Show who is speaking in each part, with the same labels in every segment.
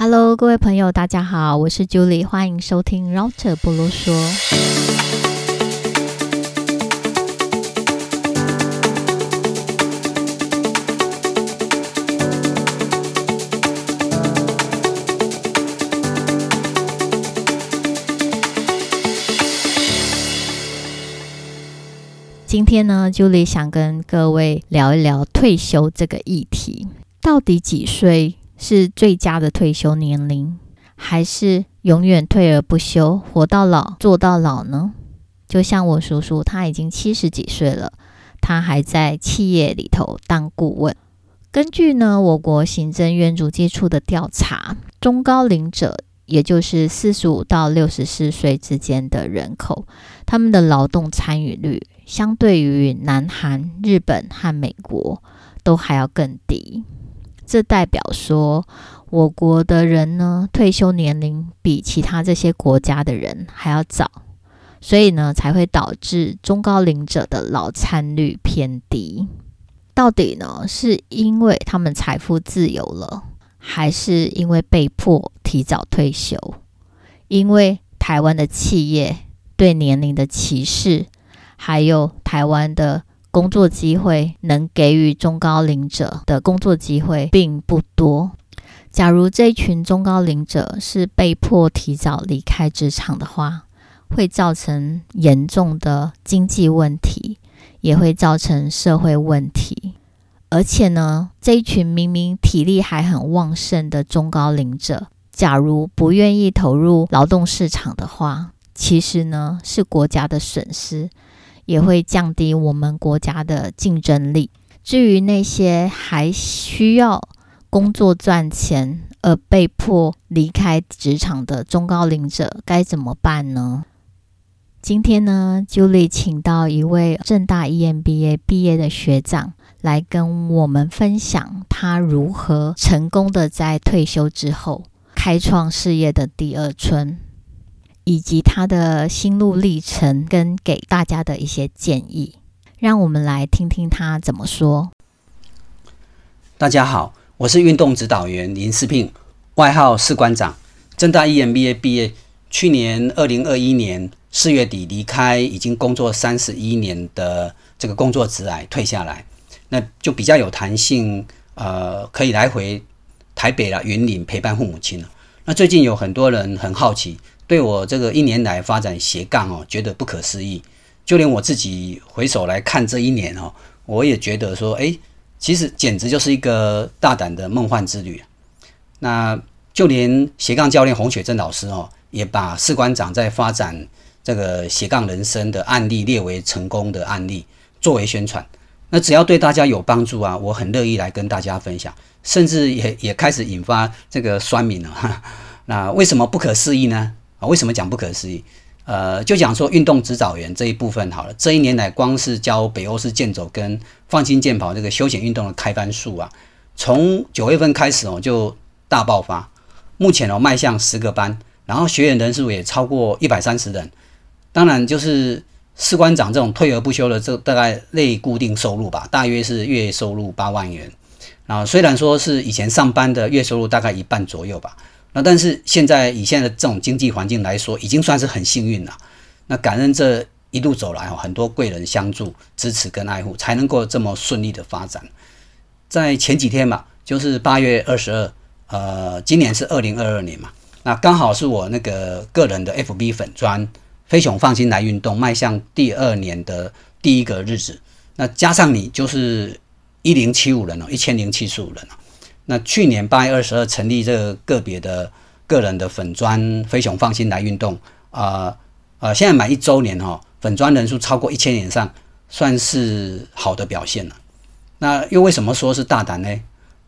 Speaker 1: Hello，各位朋友，大家好，我是 Julie，歡迎收聽羅說《Router 不囉嗦》。今天呢，Julie 想跟各位聊一聊退休這個議題，到底幾歲，是最佳的退休年齡，還是永遠退而不休，活到老做到老呢？就像我叔叔，他已經七十幾歲了，他還在企業裡頭當顧問。根據呢我國行政院主計處的調查，中高齡者，也就是四十五到六十四歲之間的人口，他們的勞動參與率，相對於南韓、日本和美國，都還要更低。這代表說，我國的人呢退休年齡比其他這些國家的人還要早，所以呢才會導致中高齡者的勞參率偏低。到底呢是因為他們財富自由了，還是因為被迫提早退休？因為台灣的企業對年齡的歧視，還有台灣的。工作機會，能給予中高齡者的工作機會並不多。假如這一群中高齡者是被迫提早離開職場的話，會造成嚴重的經濟問題，也會造成社會問題。而且呢，這一群明明體力還很旺盛的中高齡者，假如不願意投入勞動市場的話，其實呢，是國家的損失。也會降低我們國家的競爭力。至於那些還需要工作賺錢而被迫離開職場的中高齡者，該怎麼辦呢？今天呢，Julie 請到一位政大 EMBA 畢業的學長來跟我們分享他如何成功地在退休之後開創事業的第二春。以及他的心路歷程跟給大家的一些建議，讓我們來聽聽他怎麼說。
Speaker 2: 大家好，我是運動指導員林世聘，外號士官長，政大 EMBA 畢業，去年二零二一年四月底離開，已經工作三十一年的這個工作職涯退下來，那就比較有彈性，呃，可以來回台北了雲林陪伴父母親了。那最近有很多人很好奇，對我這個一年來發展斜槓哦，覺得不可思議。就連我自己回首來看這一年哦，我也覺得說，哎，其實簡直就是一個大膽的夢幻之旅。那就連斜槓教練洪雪珍老師哦，也把士官長在發展這個斜槓人生的案例列為成功的案例，作為宣傳。那只要對大家有幫助啊，我很樂意來跟大家分享，甚至也也開始引發這個酸民了，啊。那為什麼不可思議呢？啊，為什麼講不可思議？呃，就講說運動指導員這一部分好了。這一年來，光是教北歐式健走跟放心健跑這個休閒運動的開班數啊，從九月份開始哦就大爆發，目前哦邁向十個班，然後學員人數也超過一百三十人。當然就是。士官長這種退而不休的這大概類固定收入吧，大約是月收入八萬元。啊，雖然說是以前上班的月收入大概一半左右吧，那但是現在以現在的這種經濟環境來說，已經算是很幸運了。那感恩這一路走來，很多貴人相助、支持跟愛護，才能夠這麼順利的發展。在前幾天嘛，就是八月二十二，呃，今年是二零二二年嘛，那剛好是我那個個人的 FB 粉專。飛熊 Fun 心來運動邁向第二年的第一個日子，那加上你就是一零七五人哦，一千零七十五人了。那去年八月二十二成立這個個別的個人的粉專飛熊 Fun 心來運動啊啊、呃呃，現在滿一周年哈，粉專人數超過一千人以上，算是好的表現了。那又為什麼說是大膽呢？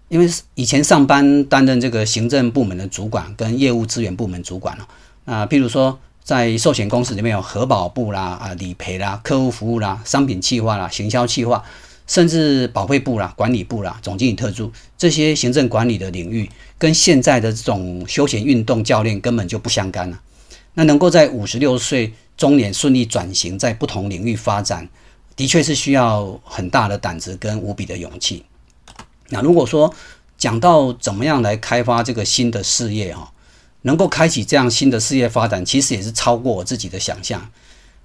Speaker 2: 因為以前上班擔任這個行政部門的主管跟業務資源部門主管了啊、呃，譬如說。在壽險公司裡面有核保部啦、啊理賠啦、客戶服務啦、商品企劃啦、行銷企劃，甚至保衛部啦、管理部啦、總經理特助這些行政管理的領域，跟現在的這種休閒運動教練根本就不相干了。那能夠在五十六歲中年順利轉型，在不同領域發展，的確是需要很大的膽子跟無比的勇氣。那如果說講到怎麼樣來開發這個新的事業哈？能夠開啟這樣新的事業發展，其實也是超過我自己的想象。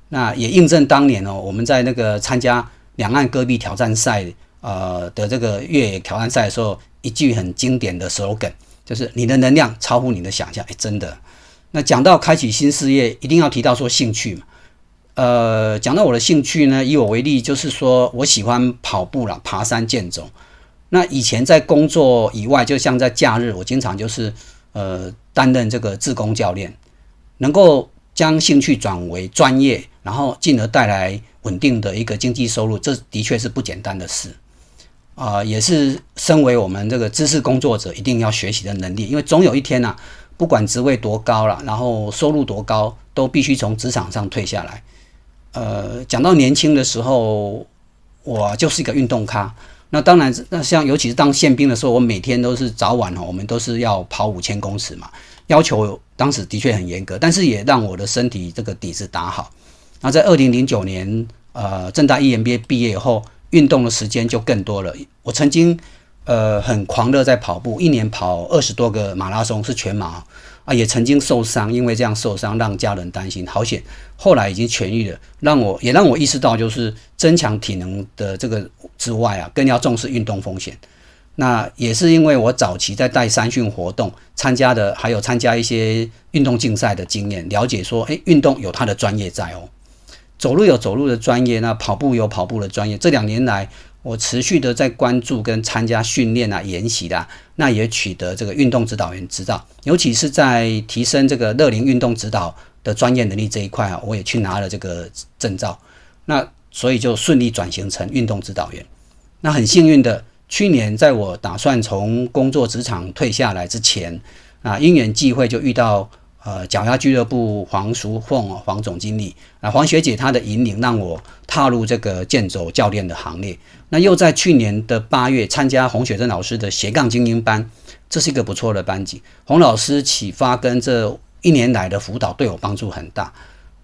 Speaker 2: 那也印證當年哦，我們在那個參加兩岸戈壁挑戰賽，呃的這個越野挑戰賽的時候，一句很經典的 slogan 就是“你的能量超乎你的想象”。誒，真的。那講到開啟新事業，一定要提到說興趣嘛。呃，講到我的興趣呢，以我為例，就是說我喜歡跑步啦，爬山、健走。那以前在工作以外，就像在假日，我經常就是。呃，擔任這個志工教練，能夠將興趣轉為專業，然後進而帶來穩定的一個經濟收入，這的確是不簡單的事啊，呃，也是身為我們這個知識工作者一定要學習的能力，因為總有一天呢，啊，不管職位多高了，然後收入多高，都必須從職場上退下來。呃，講到年輕的時候，我啊，就是一個運動咖。那當然，那像尤其是當憲兵的時候，我每天都是早晚哦，我們都是要跑五千公尺嘛，要求當時的確很嚴格，但是也讓我的身體這個底子打好。那在二零零九年，呃，正大 EMBA 畢業以後，運動的時間就更多了。我曾經，呃，很狂熱在跑步，一年跑二十多個馬拉松，是全馬。啊，也曾經受傷，因為這樣受傷讓家人擔心。好險，後來已經痊癒了，讓我也讓我意識到，就是增強體能的這個之外啊，更要重視運動風險。那也是因為我早期在帶三訓活動參加的，還有參加一些運動競賽的經驗，了解說，哎，運動有他的專業在哦，走路有走路的專業，那跑步有跑步的專業。這兩年來。我持續的在關注跟參加訓練啊、研習的、啊，那也取得這個運動指導員執照，尤其是在提升這個樂齡運動指導的專業能力這一塊啊，我也去拿了這個證照，那所以就順利轉型成運動指導員。那很幸運的，去年在我打算從工作職場退下來之前，啊，因緣際會就遇到。呃，腳丫俱樂部黃淑鳳，哦，黃總經理，啊黃學姐，她的引領讓我踏入這個健走教練的行列。那又在去年的八月參加洪雪珍老師的斜槓精英班，這是一個不錯的班級。洪老師啟發跟這一年來的輔導對我幫助很大。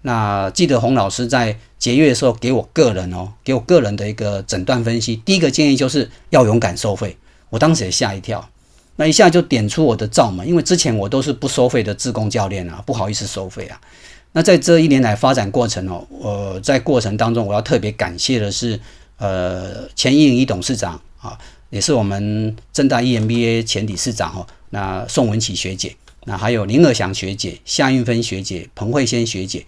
Speaker 2: 那記得洪老師在結業的時候給我個人哦，給我個人的一個診斷分析，第一個建議就是要勇敢收費。我當時也嚇一跳。那一下就點出我的罩門，因為之前我都是不收費的志工教練啊，不好意思收費啊。那在這一年來發展過程哦，呃，在過程當中我要特別感謝的是，呃，錢一穎一董事長啊，也是我們政大 EMBA 前理事長哦，那宋文啟學姐，那還有林樂祥學姐、夏運芬學姐、彭慧仙學姐，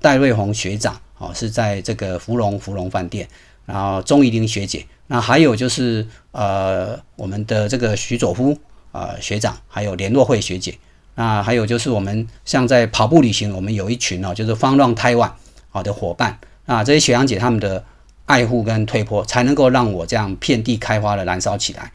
Speaker 2: 戴瑞紅學長哦、啊、是在這個芙蓉芙蓉飯店，然後鍾怡玲學姐。那還有就是呃我們的這個徐佐夫啊、呃、學長，還有聯絡會學姐，那還有就是我們像在跑步旅行，我們有一群哦，就是 FunRun 台灣好的夥伴啊，這些學長姐他們的愛護跟推波，才能夠讓我這樣遍地開花的燃燒起來。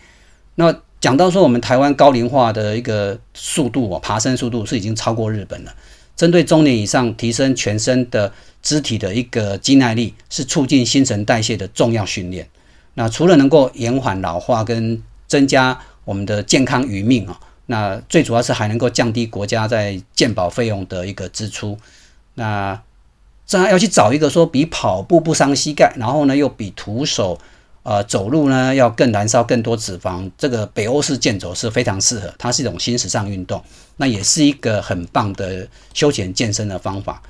Speaker 2: 那講到說我們台灣高齡化的一個速度哦，爬升速度是已經超過日本了。針對中年以上提升全身的肢體的一個肌耐力，是促進新陳代謝的重要訓練。那除了能夠延緩老化跟增加我們的健康餘命啊、哦，那最主要是還能夠降低國家在健保費用的一個支出。那這樣要去找一個說比跑步不傷膝蓋，然後呢又比徒手呃走路呢要更燃燒更多脂肪，這個北歐式健走是非常適合，它是一種新時尚運動，那也是一個很棒的休閒健身的方法。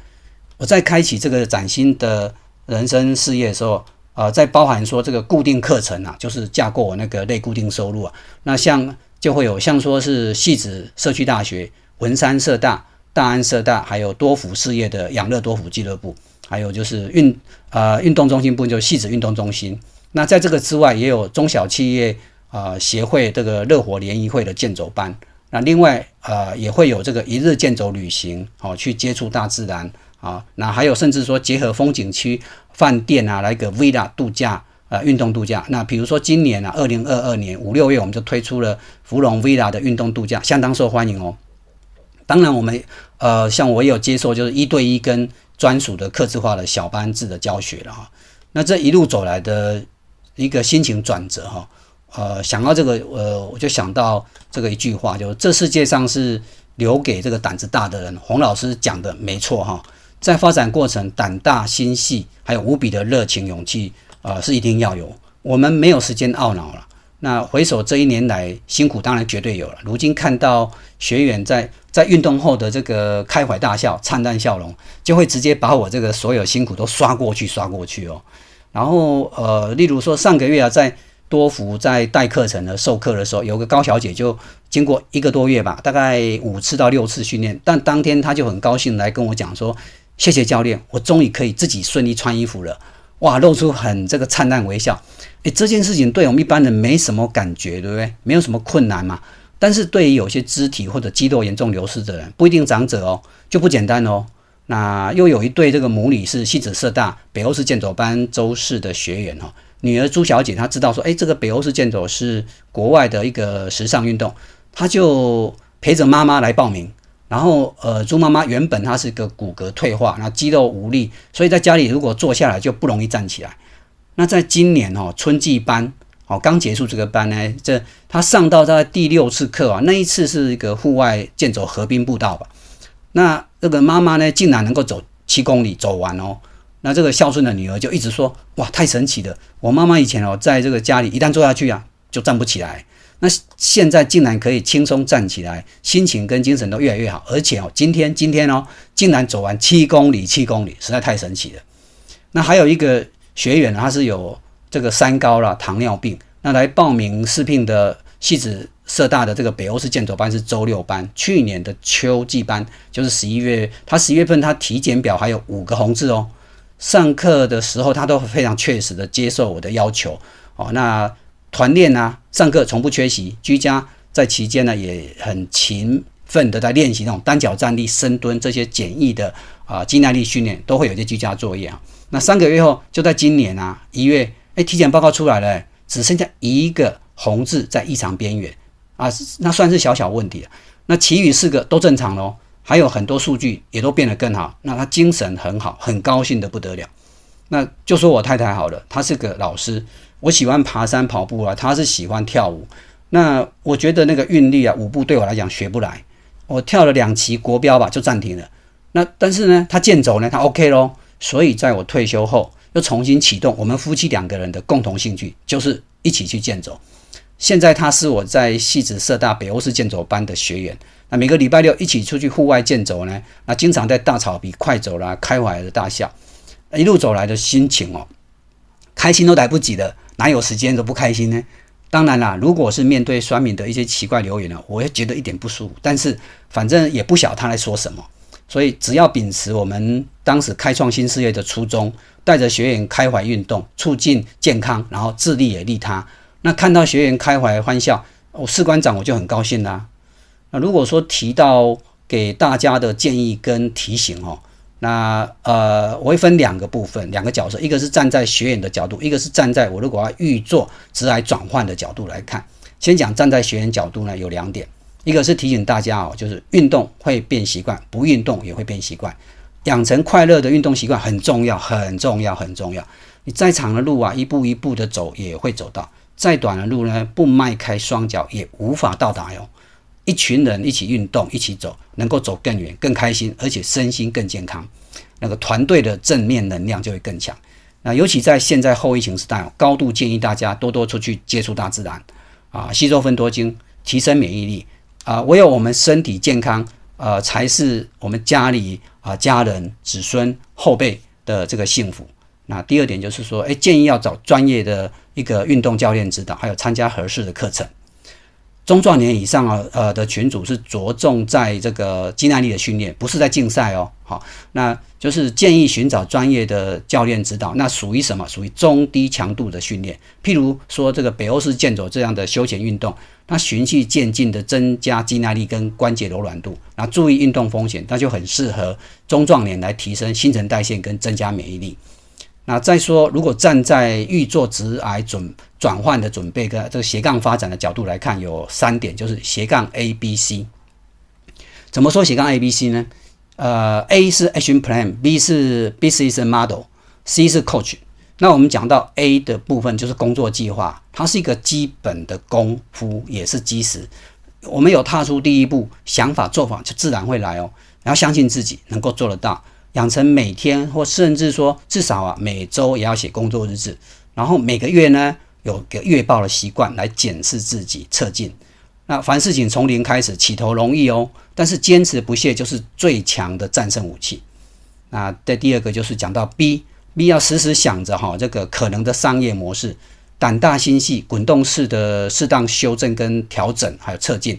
Speaker 2: 我在開啟這個嶄新的人生事業的時候。啊、呃，再包含說這個固定課程啊，就是架構我那個類固定收入啊。那像就會有像說是汐止社區大學、文山社大、大安社大，還有多福事業的養樂多福俱樂部，還有就是運呃運動中心部，就是汐止運動中心。那在這個之外，也有中小企業啊、呃、協會這個熱火聯誼會的健走班。那另外啊、呃、也會有這個一日健走旅行，好、哦、去接觸大自然。啊，那還有甚至說結合風景區飯店啊，來個 Villa 度假，呃，運動度假。那比如說今年啊，二零二二年五六月，我們就推出了芙蓉 Villa 的運動度假，相當受歡迎哦。當然，我們呃，像我也有接受就是一對一跟專屬的、客製化的小班制的教學了哈、哦。那這一路走來的，一個心情轉折哈、哦，呃，想到這個呃，我就想到這個一句話，就是這世界上是留給這個膽子大的人。洪老師講的沒錯哈、哦。在發展過程，膽大心細，還有無比的熱情、勇氣，呃，是一定要有。我們沒有時間懊惱了。那回首這一年來，辛苦當然絕對有了。如今看到學員在在運動後的這個開懷大笑、燦爛笑容，就會直接把我這個所有辛苦都刷過去、刷過去哦。然後呃，例如說上個月啊，在多福在帶課程的授課的時候，有個高小姐就經過一個多月吧，大概五次到六次訓練，但當天她就很高興來跟我講說。謝謝教練，我終於可以自己順利穿衣服了，哇，露出很這個燦爛微笑。哎，這件事情對我們一般人沒什麼感覺，對不對？沒有什麼困難嘛。但是對於有些肢體或者肌肉嚴重流失的人，不一定長者哦，就不簡單哦。那又有一對這個母女是西子社大北歐式健走班周四的學員哦，女兒朱小姐她知道說，哎，這個北歐式健走是國外的一個時尚運動，她就陪着媽媽來報名。然後，呃，豬媽媽原本她是個骨骼退化，那肌肉無力，所以在家裡如果坐下來就不容易站起來。那在今年哦，春季班哦剛結束這個班呢，這她上到大概第六次課啊，那一次是一個戶外健走河濱步道吧。那那個媽媽呢，竟然能夠走七公里走完哦。那這個孝順的女兒就一直說哇，太神奇了！我媽媽以前哦，在這個家裡一旦坐下去啊，就站不起來。那現在竟然可以輕鬆站起來，心情跟精神都越來越好，而且哦，今天今天哦，竟然走完七公里，七公里實在太神奇了。那還有一個學員，他是有這個三高啦，糖尿病，那來報名試聘的，西子社大的這個北歐式健走班是週六班，去年的秋季班就是十一月，他十一月份他體檢表還有五個紅字哦，上課的時候他都非常確實的接受我的要求哦，那。團練啊，上課從不缺席。居家在期間呢，也很勤奮地在練習那種單腳站立、深蹲這些簡易的啊，肌耐力訓練，都會有些居家作業啊。那三個月後，就在今年啊，一月，哎，體檢報告出來了，只剩下一個紅字在異常邊緣啊，那算是小小問題了啊。那其餘四個都正常咯，還有很多數據也都變得更好。那他精神很好，很高興得不得了。那就說我太太好了，她是個老師。我喜歡爬山、跑步、啊，他是喜歡跳舞。那我覺得那個韻律啊，舞步對我來講學不來。我跳了兩期國標吧，就暫停了。那但是呢，他健走呢，他 OK 咯，所以在我退休後，又重新啟動我們夫妻兩個人的共同興趣，就是一起去健走。現在他是我在西子社大北歐式健走班的學員。那每個禮拜六一起出去戶外健走呢，那經常在大草坪快走啦，啊，開懷的大笑。一路走來的心情哦，開心都來不及的。哪有時間都不開心呢？當然啦，如果是面對酸民的一些奇怪留言呢，我也覺得一點不舒服。但是反正也不曉他來說什麼，所以只要秉持我們當時開創新事業的初衷，帶着學員開懷運動，促進健康，然後自利也利他。那看到學員開懷歡笑，我、哦、士官長我就很高興啦、啊。那如果說提到給大家的建議跟提醒哦。那呃，我會分兩個部分，兩個角色，一個是站在學員的角度，一個是站在我如果要預做職涯轉換的角度來看。先講站在學員角度呢，有兩點，一個是提醒大家哦，就是運動會變習慣，不運動也會變習慣，養成快樂的運動習慣很重要，很重要，很重要。你再長的路啊，一步一步的走也會走到；再短的路呢，不邁開雙腳也無法到達喲。一群人一起運動，一起走，能夠走更遠、更開心，而且身心更健康。那個團隊的正面能量就會更強。那尤其在現在後疫情時代，高度建議大家多多出去接觸大自然，啊，吸收芬多精，提升免疫力。啊，唯有我們身體健康，呃，才是我們家裡啊家人、子孫、後輩的這個幸福。那第二點就是說，哎、欸，建議要找專業的一個運動教練指導，還有參加合適的課程。中壯年以上啊，呃的群組是着重在這個肌耐力的訓練，不是在競賽哦。好，那就是建議尋找專業的教練指導。那屬於什麼？屬於中低強度的訓練，譬如說這個北歐式健走這樣的休閒運動，它循序漸進的增加肌耐力跟關節柔軟度，那注意運動風險，那就很適合中壯年來提升新陳代謝跟增加免疫力。那再說，如果站在預作職涯準轉換的準備跟這個斜槓發展的角度來看，有三點，就是斜槓 A、B、C。怎麼說斜槓 A、B、C 呢？呃，A 是 Action Plan，B 是 Business Model，C 是 Coach。那我們講到 A 的部分，就是工作計劃，它是一個基本的功夫，也是基石。我們有踏出第一步，想法做法就自然會來哦。然後相信自己能夠做得到。養成每天或甚至說至少啊每周也要寫工作日誌，然後每個月呢，有個月報的習慣來檢視自己、測進。那凡事情從零開始，起頭容易哦，但是堅持不懈就是最強的戰勝武器。那這第二個就是講到 B，B 要時時想着哈，這個可能的商業模式，膽大心細，滾動式的適當修正跟調整，還有測進。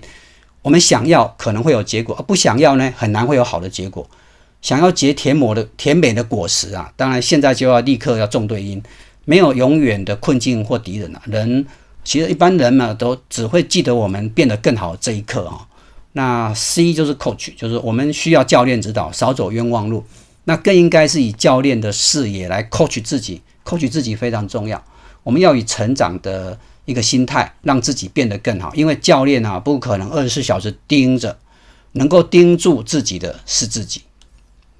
Speaker 2: 我們想要可能會有結果，而不想要呢，很難會有好的結果。想要結甜美的甜美的果實啊！當然，現在就要立刻要種對因，沒有永遠的困境或敵人啊，人其實一般人嘛，都只會記得我們變得更好這一刻啊、哦。那 C 就是 coach，就是我們需要教練指導，少走冤枉路。那更應該是以教練的視野來 coach 自己，coach 自己非常重要。我們要以成長的一個心態，讓自己變得更好。因為教練啊，不可能二十四小時盯着，能夠盯住自己的是自己。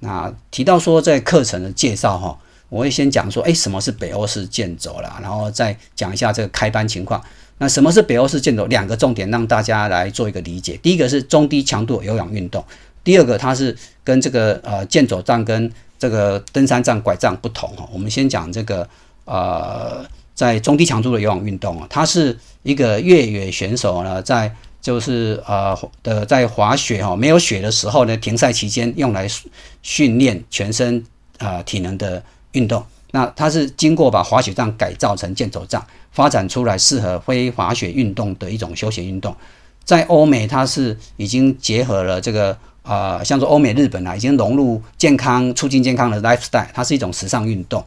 Speaker 2: 那提到說，在課程的介紹哈、哦，我會先講說，哎，什麼是北歐式健走啦，然後再講一下這個開班情況。那什麼是北歐式健走？兩個重點讓大家來做一個理解。第一個是中低強度有氧運動，第二個它是跟這個呃健走杖跟這個登山杖拐杖，不同哦。我們先講這個呃，在中低強度的有氧運動啊，它是一個越野選手呢在。就是、呃、的在滑雪哈、哦、沒有雪的時候呢，停賽期間用來訓練全身啊、呃、體能的運動。那它是經過把滑雪杖改造成健走杖發展出來，適合非滑雪運動的一種休閒運動。在歐美，它是已經結合了這個啊、呃，像說歐美日本啊，已經融入健康促進健康的 lifestyle，它是一種時尚運動。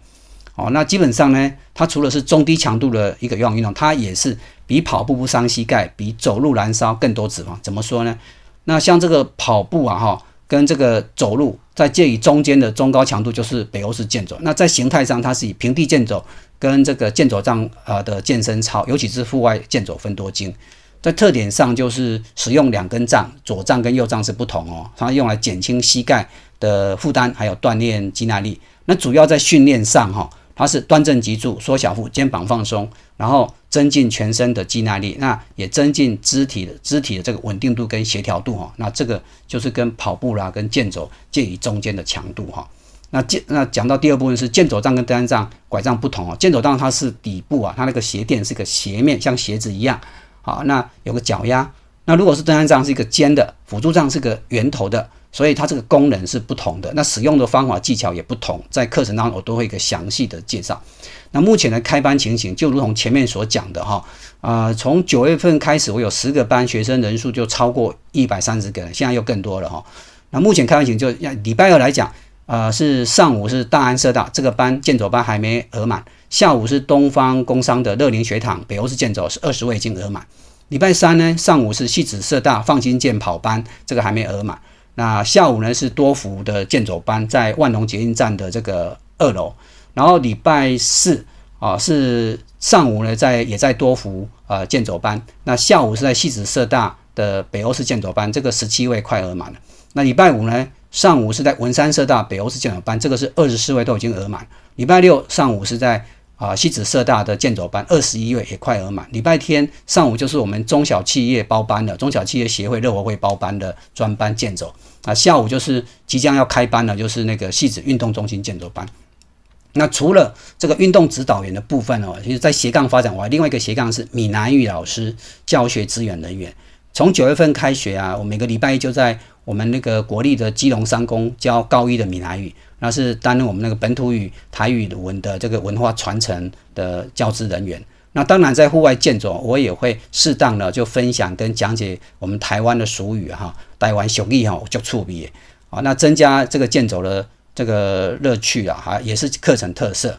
Speaker 2: 哦，那基本上呢，它除了是中低強度的一個有氧運動，運動它也是。比跑步不傷膝蓋，比走路燃燒更多脂肪，怎麼說呢？那像這個跑步啊哈，跟這個走路在介於中間的中高強度就是北歐式健走。那在形態上，它是以平地健走跟這個健走杖啊的健身操，尤其是戶外健走芬多精。在特點上就是使用兩根杖，左杖跟右杖是不同哦，它用來減輕膝蓋的負擔，還有鍛鍊肌耐力。那主要在訓練上哈。它是端正脊柱、縮小腹、肩膀放鬆，然後增進全身的肌耐力，那也增進肢體的肢體的這個穩定度跟協調度哈。那這個就是跟跑步啦、啊、跟健走介於中間的強度哈。那健那講到第二部分是健走杖跟登山杖，拐杖不同哦，健走杖它是底部啊，它那個鞋墊是個鞋面，像鞋子一樣。好，那有個腳丫。那如果是登山杖是一個尖的，輔助杖是個圓頭的，所以它這個功能是不同的，那使用的方法技巧也不同，在課程當中我都會一個詳細的介紹。那目前的開班情形就如同前面所講的哈，啊、呃，從九月份開始我有十個班，學生人數就超過一百三十個人，現在又更多了哈。那目前開班情形就要禮拜二來講，啊、呃，是上午是大安社大這個班健走班還沒額滿，下午是東方工商的樂齡學堂北歐式健走是二十位已經額滿。禮拜三呢，上午是汐止社大放心健跑班，這個還沒額滿。那下午呢，是多福的健走班，在萬隆捷運站的這個二樓。然後禮拜四啊是上午呢在也在多福啊健、呃、走班，那下午是在汐止社大的北歐式健走班，這個十七位快額滿了。那禮拜五呢，上午是在文山社大北歐式健走班，這個是二十四位都已經額滿。禮拜六上午是在啊，汐止社大的健走班，二十一位也快額滿。禮拜天上午就是我們中小企業包班的，中小企業協會樂活會包班的專班健走。啊，下午就是即將要開班的，就是那個汐止運動中心健走班。那除了這個運動指導員的部分哦，其實，在斜槓發展外，我另外一個斜槓是閩南語老師教學資源人員。從九月份開學啊，我每個禮拜一就在我們那個國立的基隆商工教高一的閩南語。那是擔任我們那個本土語台語文的這個文化傳承的教職人員。那當然在戶外健走，我也會適當的就分享跟講解我們台灣的俗語哈、啊，台灣雄毅吼，就觸地啊，那增加這個健走的這個樂趣啊，哈，也是課程特色。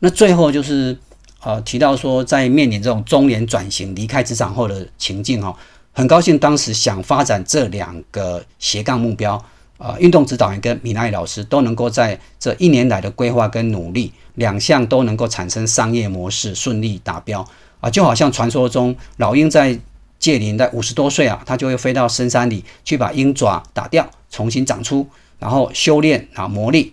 Speaker 2: 那最後就是呃提到說，在面臨這種中年轉型、離開職場後的情境哈、啊，很高興當時想發展這兩個斜槓目標。呃，運動指導員跟米奈老師都能夠在這一年來的規劃跟努力，兩項都能夠產生商業模式，順利達標啊，呃，就好像傳說中老鷹在屆臨在五十多歲啊，他就會飛到深山裡去把鷹爪打掉，重新長出，然後修煉啊磨礪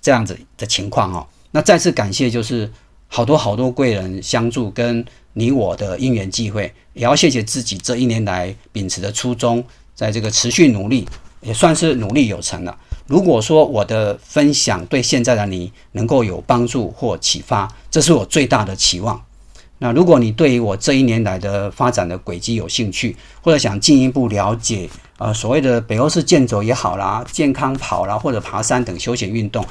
Speaker 2: 這樣子的情況哦，那再次感謝，就是好多好多貴人相助跟你我的因緣際會，也要謝謝自己這一年來秉持的初衷，在這個持續努力。也算是努力有成了。如果說我的分享對現在的你能夠有幫助或啟發，這是我最大的期望。那如果你對於我這一年來的發展的軌跡有興趣，或者想進一步了解，呃，所謂的北歐式健走也好啦，健康跑啦，或者爬山等休閒運動，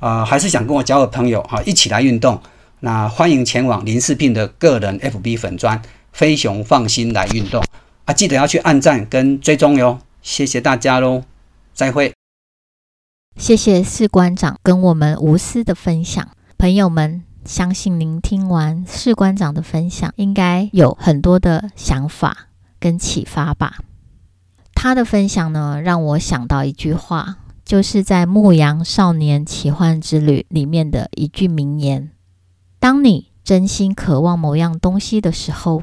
Speaker 2: 呃，還是想跟我交個朋友哈、啊，一起來運動。那歡迎前往林世斌的個人 FB 粉專飛熊 Fun 心來運動啊，記得要去按讚跟追蹤喲。謝謝大家嘍，再會。
Speaker 1: 謝謝士官長跟我們無私的分享，朋友們，相信您聽完士官長的分享，應該有很多的想法跟啟發吧。他的分享呢，讓我想到一句話，就是在《牧羊少年奇幻之旅》裡面的一句名言：“當你真心渴望某樣東西的時候，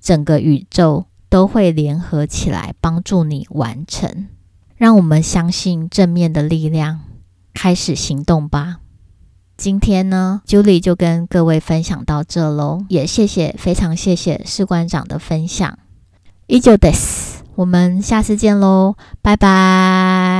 Speaker 1: 整個宇宙。”都會聯合起來幫助你完成。讓我們相信正面的力量，開始行動吧。今天呢，Julie 就跟各位分享到這嘍，也謝謝，非常謝謝士官長的分享。以上，a s 我們下次見嘍，拜拜。